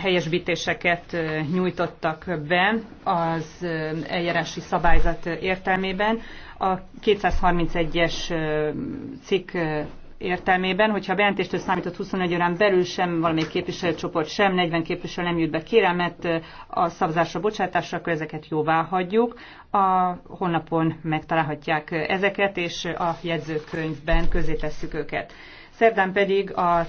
helyesbítéseket nyújtottak be az eljárási szabályzat értelmében. A 231-es cikk értelmében, hogyha a bejelentéstől számított 21 órán belül sem valamelyik képviselőcsoport sem, 40 képviselő nem jut be kérelmet a szavazásra bocsátásra, akkor ezeket jóvá hagyjuk. A honlapon megtalálhatják ezeket, és a jegyzőkönyvben közé tesszük őket. Szerdán pedig a